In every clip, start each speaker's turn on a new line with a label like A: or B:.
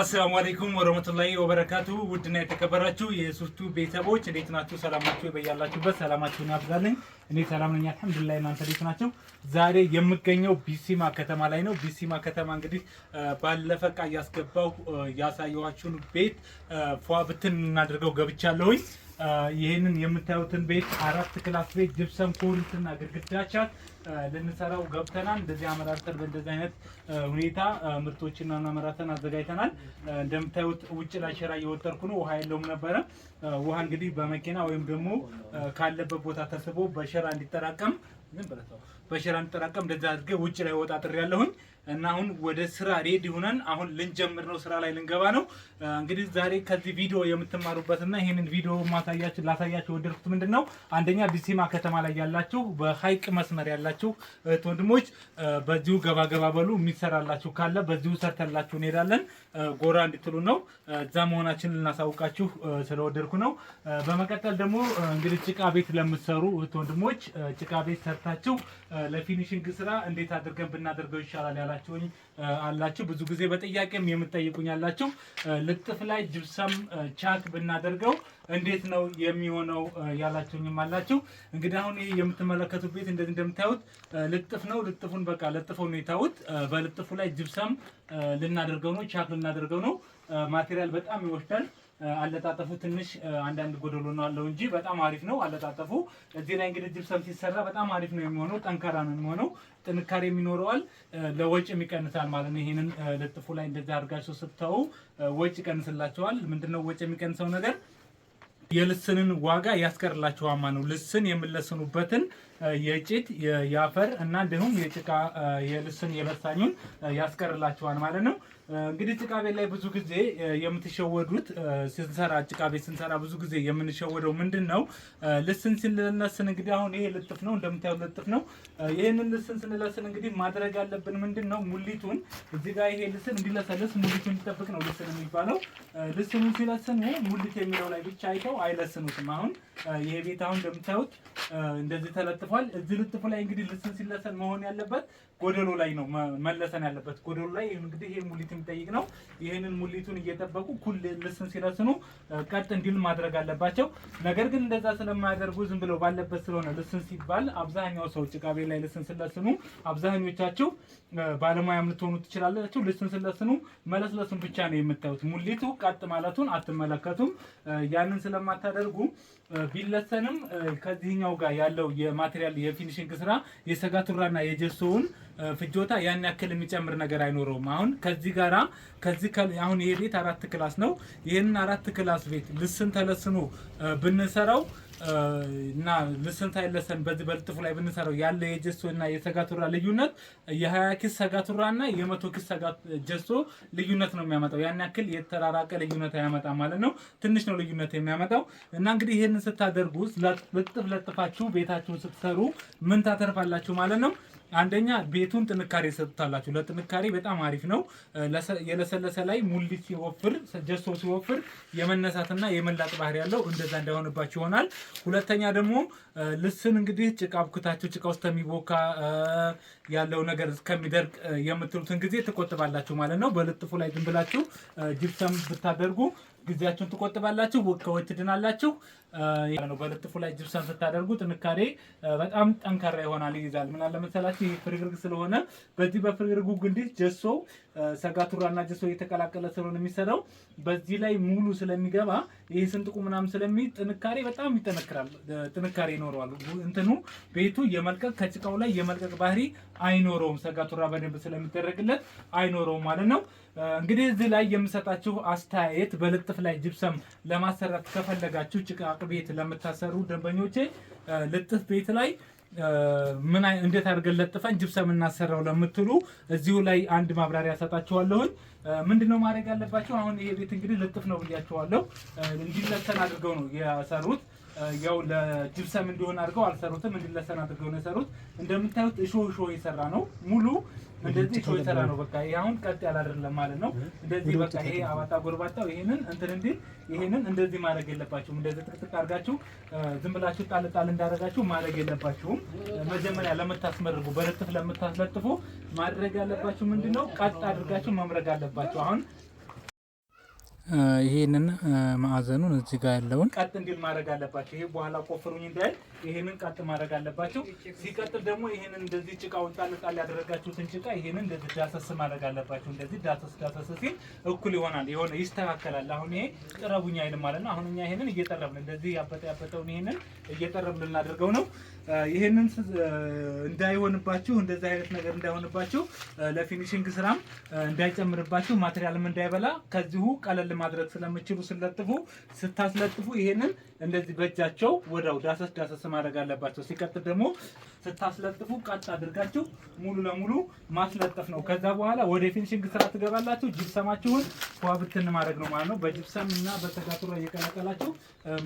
A: አሰላሙ አለይኩም ወረህመቱላሂ ወበረካቱ። ውድና የተከበራችሁ የሱፍቱ ቤተሰቦች እንዴት ናችሁ? ሰላም ናችሁ? በያላችሁበት ሰላማችሁን ያብዛልኝ። እኔ ሰላም ነኝ አልሐምዱሊላህ። እናንተ እንዴት ናችሁ? ዛሬ የምገኘው ቢሲማ ከተማ ላይ ነው። ቢሲማ ከተማ እንግዲህ ባለፈ ዕቃ እያስገባሁ ያሳየኋችሁን ቤት ፏ ብትን እናድርገው ገብቻለሁኝ። ይህንን የምታዩትን ቤት አራት ክላስ ቤት ጅብሰን ኮሪንትና ግድግዳቻት ልንሰራው ገብተናል። እንደዚህ አመራርተን በእንደዚህ አይነት ሁኔታ ምርቶችና አመራርተን አዘጋጅተናል። እንደምታዩት ውጭ ላይ ሸራ እየወጠርኩ ነው። ውሃ የለውም ነበረ። ውሃ እንግዲህ በመኪና ወይም ደግሞ ካለበት ቦታ ተስቦ በሸራ እንዲጠራቀም ዝም በሸራ እንጠራቀም እንደዛ አድርገ ውጭ ላይ ወጣ ጥሪ ያለሁኝ እና አሁን ወደ ስራ ሬዲ ሆነን አሁን ልንጀምር ነው፣ ስራ ላይ ልንገባ ነው። እንግዲህ ዛሬ ከዚህ ቪዲዮ የምትማሩበትና ይህንን ቪዲዮ ማሳያችሁ ላሳያችሁ ወደድኩት ምንድን ነው አንደኛ ቢሲማ ከተማ ላይ ያላችሁ በሀይቅ መስመር ያላችሁ እህት ወንድሞች በዚሁ ገባ ገባ በሉ። የሚሰራላችሁ ካለ በዚሁ ሰርተላችሁ እንሄዳለን። ጎራ እንድትሉ ነው። እዛ መሆናችን ልናሳውቃችሁ ስለወደድኩ ነው። በመቀጠል ደግሞ እንግዲህ ጭቃ ቤት ለምትሰሩ እህት ወንድሞች ጭቃ ቤት ሰርታችሁ ለፊኒሽንግ ስራ እንዴት አድርገን ብናደርገው ይሻላል ያላችሁኝ አላችሁ። ብዙ ጊዜ በጥያቄም የምጠይቁኝ አላችሁ። ልጥፍ ላይ ጅብሰም ቻክ ብናደርገው እንዴት ነው የሚሆነው ያላችሁኝም አላችሁ። እንግዲህ አሁን ይህ የምትመለከቱት ቤት እንደዚህ እንደምታዩት ልጥፍ ነው። ልጥፉን በቃ ለጥፈው ነው የታዩት። በልጥፉ ላይ ጅብሰም ልናደርገው ነው፣ ቻክ ልናደርገው ነው። ማቴሪያል በጣም ይወስዳል። አለጣጠፉ ትንሽ አንዳንድ ጎደሎ ነው አለው እንጂ በጣም አሪፍ ነው አለጣጠፉ። እዚህ ላይ እንግዲህ ጅብሰም ሲሰራ በጣም አሪፍ ነው የሚሆነው፣ ጠንካራ ነው የሚሆነው፣ ጥንካሬ የሚኖረዋል፣ ለወጭ ይቀንሳል ማለት ነው። ይሄንን ልጥፉ ላይ እንደዚህ አድርጋችሁ ስተው ወጭ ይቀንስላቸዋል። ምንድነው ወጭ የሚቀንሰው ነገር? የልስንን ዋጋ ያስቀርላችኋል ነው። ልስን የምለስኑበትን የጭድ የአፈር እና እንዲሁም የጭቃ የልስን የበሳኙን ያስቀርላቸዋል ማለት ነው። እንግዲህ ጭቃ ቤት ላይ ብዙ ጊዜ የምትሸወዱት ስንሰራ ጭቃ ቤት ስንሰራ ብዙ ጊዜ የምንሸወደው ምንድን ነው? ልስን ስንለስን እንግዲህ አሁን ይሄ ልጥፍ ነው እንደምታየው ልጥፍ ነው። ይህንን ልስን ስንለስን እንግዲህ ማድረግ ያለብን ምንድን ነው? ሙሊቱን እዚህ ጋር ይሄ ልስን እንዲለሰልስ ሙሊቱን እንዲጠብቅ ነው ልስን የሚባለው። ልስኑ ሲለስን ሙሊት የሚለው ላይ ብቻ አይተው አይለስኑትም። አሁን ይሄ ቤት አሁን እንደምታዩት እንደዚህ ተለጥፎ ተለጥፏል። እዚህ ልጥፉ ላይ እንግዲህ ልስን ሲለሰን መሆን ያለበት ጎደሎ ላይ ነው መለሰን ያለበት ጎደሎ ላይ። እንግዲህ ይህ ሙሊት የሚጠይቅ ነው። ይህንን ሙሊቱን እየጠበቁ ኩል ልስን ሲለስኑ ቀጥ እንዲል ማድረግ አለባቸው። ነገር ግን እንደዛ ስለማያደርጉ ዝም ብለው ባለበት ስለሆነ ልስን ሲባል አብዛኛው ሰው ጭቃ ቤት ላይ ልስን ስለስኑ አብዛኞቻችሁ ባለሙያም ልትሆኑ ትችላላችሁ። ልስን ስለስኑ መለስለሱን ብቻ ነው የምታዩት። ሙሊቱ ቀጥ ማለቱን አትመለከቱም። ያንን ስለማታደርጉ ቢለሰንም ከዚህኛው ጋር ያለው የማቴሪያል የማቴሪያል የፊኒሽንግ ስራ የሰጋቱራና የጀሶውን ፍጆታ ያን ያክል የሚጨምር ነገር አይኖረውም። አሁን ከዚህ ጋራ ከዚህ አሁን ይሄ ቤት አራት ክላስ ነው። ይህንን አራት ክላስ ቤት ልስን ተለስኖ ብንሰራው እና ልስንታይ ለሰን በዚህ በልጥፉ ላይ ብንሰራው ያለ የጀሶ እና የሰጋቱራ ልዩነት የሀያ ኪስ ሰጋቱራ እና የመቶ ኪስ ጀሶ ልዩነት ነው የሚያመጣው። ያን ያክል የተራራቀ ልዩነት አያመጣም ማለት ነው። ትንሽ ነው ልዩነት የሚያመጣው። እና እንግዲህ ይህንን ስታደርጉ ልጥፍ ለጥፋችሁ ቤታችሁን ስትሰሩ ምን ታተርፋላችሁ ማለት ነው። አንደኛ ቤቱን ጥንካሬ ሰጥታላችሁ። ለጥንካሬ በጣም አሪፍ ነው። የለሰለሰ ላይ ሙሊት ሲወፍር ጀሶ ሲወፍር የመነሳትና የመላጥ ባህሪ ያለው እንደዛ እንዳይሆንባችሁ ይሆናል። ሁለተኛ ደግሞ ልስን እንግዲህ ጭቃ አብኩታችሁ ጭቃ ውስጥ ከሚቦካ ያለው ነገር እስከሚደርቅ የምትሉትን ጊዜ ትቆጥባላችሁ ማለት ነው። በልጥፉ ላይ ዝም ብላችሁ ጅብሰም ብታደርጉ ጊዜያችሁን ትቆጥባላችሁ፣ ከወት ትድናላችሁ። በልጥፉ ላይ ጅብሰን ስታደርጉ ጥንካሬ በጣም ጠንካራ ይሆናል ይይዛል። ምናለ መሰላችሁ ይህ ፍርግርግ ስለሆነ በዚህ በፍርግርጉ እንዲህ ጀሶው ሰጋቱራ እና ጀሶ እየተቀላቀለ ስለሆነ የሚሰራው በዚህ ላይ ሙሉ ስለሚገባ ይሄ ስንጥቁ ምናምን ስለሚ ጥንካሬ በጣም ይጠነክራል። ጥንካሬ ይኖረዋል። እንትኑ ቤቱ የመልቀቅ ከጭቃው ላይ የመልቀቅ ባህሪ አይኖረውም። ሰጋቱራ በደንብ ስለሚደረግለት አይኖረውም ማለት ነው። እንግዲህ እዚህ ላይ የምሰጣችሁ አስተያየት በልጥፍ ላይ ጅብሰም ለማሰራት ከፈለጋችሁ ጭቃቅ ቤት ለምታሰሩ ደንበኞቼ ልጥፍ ቤት ላይ ምን እንዴት አድርገን ለጥፈን ጅብሰም እናሰራው ለምትሉ እዚሁ ላይ አንድ ማብራሪያ ሰጣችኋለሁኝ። ምንድነው ማድረግ ያለባቸው? አሁን ይሄ ቤት እንግዲህ ልጥፍ ነው ብያቸዋለሁ እንዲለሰን አድርገው ነው የሰሩት። ያው ለጅብሰም እንዲሆን አድርገው አልሰሩትም፣ እንዲለሰን አድርገው ነው የሰሩት። እንደምታዩት እሾህ እሾህ የሰራ ነው ሙሉ እንደዚህ ሾይተራ ነው። በቃ ይሄ አሁን ቀጥ ያለ አይደለም ማለት ነው። እንደዚህ በቃ ይሄ አባጣ ጎርባጣው ይሄንን እንትን እንዲህ ይሄንን እንደዚህ ማድረግ የለባችሁም። እንደዚህ ጥቅጥቅ አድርጋችሁ ዝም ብላችሁ ጣል ጣል እንዳደረጋችሁ ማድረግ የለባችሁም። መጀመሪያ ለምታስመርጉ በልጥፍ ለምታስለጥፉ ማድረግ ያለባችሁ ምንድነው ቀጥ አድርጋችሁ መምረግ አለባችሁ አሁን ይሄንን ማዕዘኑን እዚህ ጋር ያለውን ቀጥ እንዲል ማድረግ አለባቸው። ይሄ በኋላ ቆፍሩኝ እንዳይል ይሄንን ቀጥ ማድረግ አለባቸው። ሲቀጥል ደግሞ ይሄንን እንደዚህ ጭቃውን ጣል ጣል ያደረጋችሁትን ጭቃ ይሄንን እንደዚህ ዳሰስ ማድረግ አለባቸው። እንደዚህ ዳሰስ ዳሰስ ሲል እኩል ይሆናል፣ የሆነ ይስተካከላል። አሁን ይሄ ጥረቡኝ አይልም ማለት ነው። አሁን እኛ ይሄንን እየጠረብን እንደዚህ ያበጠ ያበጠውን ይሄንን እየጠረብን ልናደርገው ነው። ይሄንን እንዳይሆንባችሁ፣ እንደዚህ አይነት ነገር እንዳይሆንባችሁ፣ ለፊኒሽንግ ስራም እንዳይጨምርባችሁ፣ ማቴሪያልም እንዳይበላ ከዚሁ ቀለል ማድረግ ስለምችሉ ስለጥፉ ስታስለጥፉ ይሄንን እንደዚህ በእጃቸው ወዳው ዳሰስ ዳሰስ ማድረግ አለባቸው። ሲቀጥል ደግሞ ስታስለጥፉ ቀጥ አድርጋችሁ ሙሉ ለሙሉ ማስለጠፍ ነው። ከዛ በኋላ ወደ ፊኒሽንግ ስራ ትገባላችሁ። ጅብሰማችሁን ዋ ማድረግ ነው ማለት ነው። በጅብሰም እና በተጋትሮ እየቀላቀላችሁ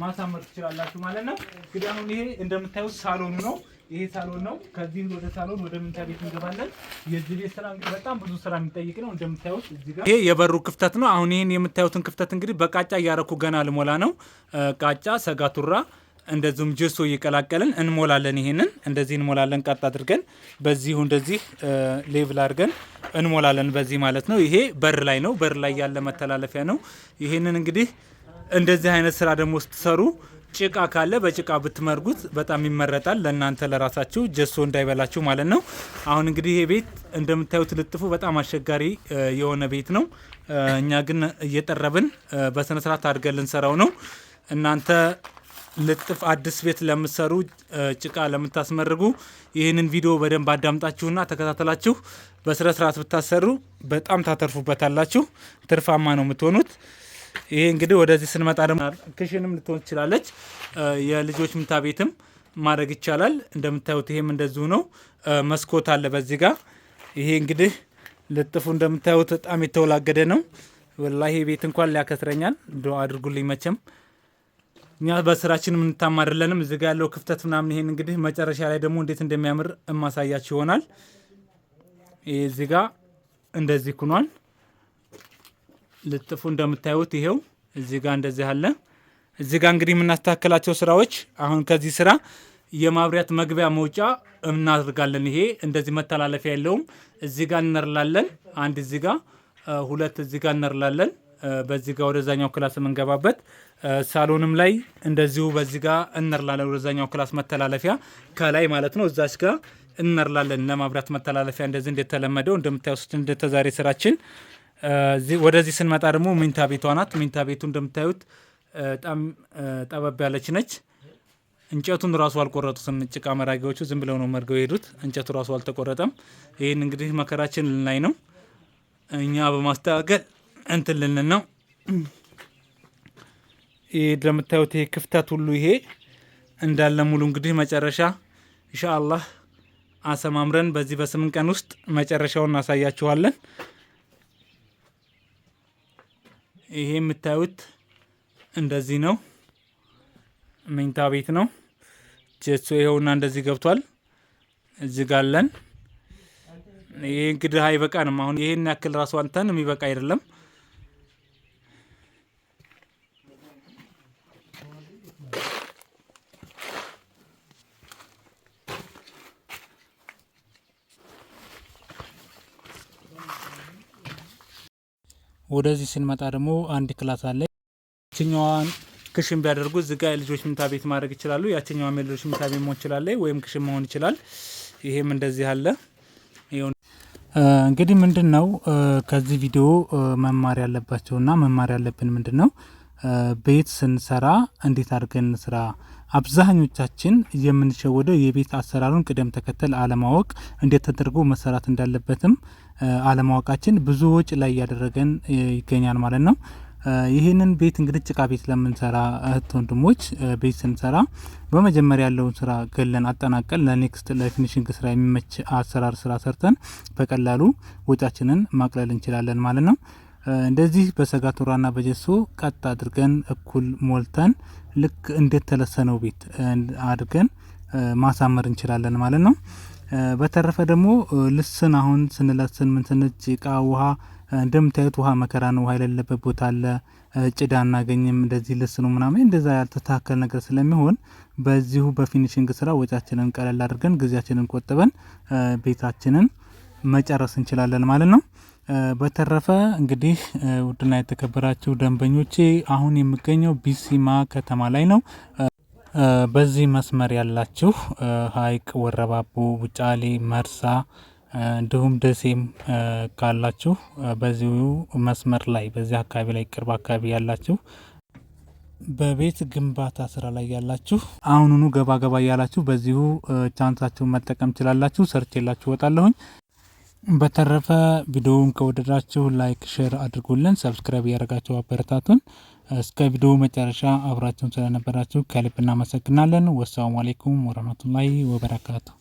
A: ማሳመር ትችላላችሁ ማለት ነው። እንግዲህ አሁን ይሄ እንደምታዩት ሳሎኑ ነው። ይሄ ሳሎን ነው። ከዚህ ወደ ሳሎን ወደ መኝታ ቤት እንገባለን። የዚህ ቤት ስራ እንግዲህ በጣም ብዙ ስራ የሚጠይቅ ነው። እንደምታዩት እዚህ ጋር ይሄ የበሩ ክፍተት ነው። አሁን ይህን የምታዩትን ክፍተት እንግዲህ በቃጫ እያረኩ ገና ልሞላ ነው። ቃጫ ሰጋቱራ እንደዚሁም ጀሶ እየቀላቀልን እንሞላለን። ይሄንን እንደዚህ እንሞላለን። ቀጥ አድርገን በዚሁ እንደዚህ ሌቭል አድርገን እንሞላለን። በዚህ ማለት ነው። ይሄ በር ላይ ነው። በር ላይ ያለ መተላለፊያ ነው። ይሄንን እንግዲህ እንደዚህ አይነት ስራ ደግሞ ስትሰሩ ጭቃ ካለ በጭቃ ብትመርጉት በጣም ይመረጣል። ለእናንተ ለራሳችሁ ጀሶ እንዳይበላችሁ ማለት ነው። አሁን እንግዲህ ይሄ ቤት እንደምታዩት ልጥፉ በጣም አስቸጋሪ የሆነ ቤት ነው። እኛ ግን እየጠረብን በስነስርዓት አድርገን ልንሰራው ነው። እናንተ ልጥፍ አዲስ ቤት ለምትሰሩ ጭቃ ለምታስመርጉ ይህንን ቪዲዮ በደንብ አዳምጣችሁና ተከታተላችሁ በስነ ስርዓት ብታሰሩ በጣም ታተርፉበታላችሁ። ትርፋማ ነው የምትሆኑት። ይሄ እንግዲህ ወደዚህ ስንመጣ ደግሞ ክሽንም ልትሆን ትችላለች። የልጆች ምታ ቤትም ማድረግ ይቻላል። እንደምታዩት ይሄም እንደዚሁ ነው። መስኮት አለ በዚህ ጋር። ይሄ እንግዲህ ልጥፉ እንደምታዩት በጣም የተወላገደ ነው። ወላሂ ቤት እንኳን ሊያከስረኛል። እንደው አድርጉልኝ መቼም እኛ በስራችን የምንታማ አይደለንም። እዚህ ጋ ያለው ክፍተት ምናምን ይሄን እንግዲህ መጨረሻ ላይ ደግሞ እንዴት እንደሚያምር እማሳያችሁ ይሆናል። እዚህ ጋ እንደዚህ ኩኗል። ልጥፉ እንደምታዩት ይሄው እዚህ ጋ እንደዚህ አለ። እዚህ ጋ እንግዲህ የምናስተካከላቸው ስራዎች አሁን ከዚህ ስራ የማብሪያት መግቢያ መውጫ እናደርጋለን። ይሄ እንደዚህ መተላለፊያ የለውም። እዚህ ጋ እነርላለን። አንድ እዚህ ጋ ሁለት እዚህ ጋ እነርላለን። በዚህ ጋር ወደዛኛው ክላስ የምንገባበት ሳሎንም ላይ እንደዚሁ በዚህ ጋር እነርላለን። ወደዛኛው ክላስ መተላለፊያ ከላይ ማለት ነው። እዛች ጋር እነርላለን ለማብራት መተላለፊያ እንደዚህ እንደተለመደው እንደምታዩት እንደተዛሬ ስራችን። ወደዚህ ስንመጣ ደግሞ ሚንታ ቤቷ ናት። ሚንታ ቤቱ እንደምታዩት በጣም ጠበብ ያለች ነች። እንጨቱን ራሱ አልቆረጡትም። ጭቃ መራጊዎቹ ዝም ብለው ነው መርገው የሄዱት። እንጨቱ ራሱ አልተቆረጠም። ይህን እንግዲህ መከራችን ልናይ ነው እኛ በማስተካከል እንትን ልንን ነው። ይህ እንደምታዩት ይሄ ክፍተት ሁሉ ይሄ እንዳለ ሙሉ እንግዲህ መጨረሻ ኢንሻአላህ አሰማምረን በዚህ በስምንት ቀን ውስጥ መጨረሻውን እናሳያችኋለን። ይሄ የምታዩት እንደዚህ ነው። መኝታ ቤት ነው። ጀሶ ይኸውና እንደዚህ ገብቷል። እዚህ ጋለን። ይሄ እንግዲህ አይበቃንም። አሁን ይሄን ያክል ራሱ አንተን የሚበቃ አይደለም። ወደዚህ ስንመጣ ደግሞ አንድ ክላስ አለ። ያችኛዋን ክሽን ቢያደርጉ እዚህ ጋር የልጆች ምኝታ ቤት ማድረግ ይችላሉ። ያችኛዋም የልጆች ምኝታ ቤት መሆን ይችላለ ወይም ክሽን መሆን ይችላል። ይሄም እንደዚህ አለ። እንግዲህ ምንድን ነው ከዚህ ቪዲዮ መማር ያለባቸውና መማር ያለብን ምንድን ነው ቤት ስንሰራ እንዴት አድርገን ስራ አብዛኞቻችን የምንሸወደው የቤት አሰራሩን ቅደም ተከተል አለማወቅ፣ እንዴት ተደርጎ መሰራት እንዳለበትም አለማወቃችን ብዙ ወጪ ላይ እያደረገን ይገኛል ማለት ነው። ይህንን ቤት እንግዲህ ጭቃ ቤት ለምንሰራ እህት ወንድሞች ቤት ስንሰራ በመጀመሪያ ያለውን ስራ ገለን አጠናቀል ለኔክስት ለፊኒሽንግ ስራ የሚመች አሰራር ስራ ሰርተን በቀላሉ ወጫችንን ማቅለል እንችላለን ማለት ነው። እንደዚህ በሰጋቱራና በጀሶ ቀጥ አድርገን እኩል ሞልተን ልክ እንደተለሰነው ቤት አድርገን ማሳመር እንችላለን ማለት ነው። በተረፈ ደግሞ ልስን አሁን ስንለስን ምን ስንጭ እቃ ውሃ እንደምታዩት ውሃ መከራ ነው። ውሃ የሌለበት ቦታ አለ፣ ጭዳ እናገኝም። እንደዚህ ልስ ነው ምናምን እንደዛ ያልተስተካከል ነገር ስለሚሆን በዚሁ በፊኒሽንግ ስራ ወጫችንን ቀለል አድርገን ጊዜያችንን ቆጥበን ቤታችንን መጨረስ እንችላለን ማለት ነው። በተረፈ እንግዲህ ውድና የተከበራችሁ ደንበኞቼ አሁን የምገኘው ቢሲማ ከተማ ላይ ነው። በዚህ መስመር ያላችሁ ሀይቅ፣ ወረባቦ፣ ውጫሌ፣ መርሳ እንዲሁም ደሴም ካላችሁ በዚሁ መስመር ላይ በዚህ አካባቢ ላይ ቅርብ አካባቢ ያላችሁ በቤት ግንባታ ስራ ላይ ያላችሁ አሁኑኑ ገባ ገባ ያላችሁ በዚሁ ቻንሳችሁን መጠቀም ችላላችሁ ሰርቼ የላችሁ ወጣለሁኝ። በተረፈ ቪዲዮውን ከወደዳችሁ ላይክ፣ ሼር አድርጉልን። ሰብስክራይብ እያደረጋችሁ አበረታቱን። እስከ ቪዲዮ መጨረሻ አብራችሁን ስለነበራችሁ ከልብ እናመሰግናለን። ወሰላሙ አሌይኩም ወረህመቱላሂ ወበረካቱሁ።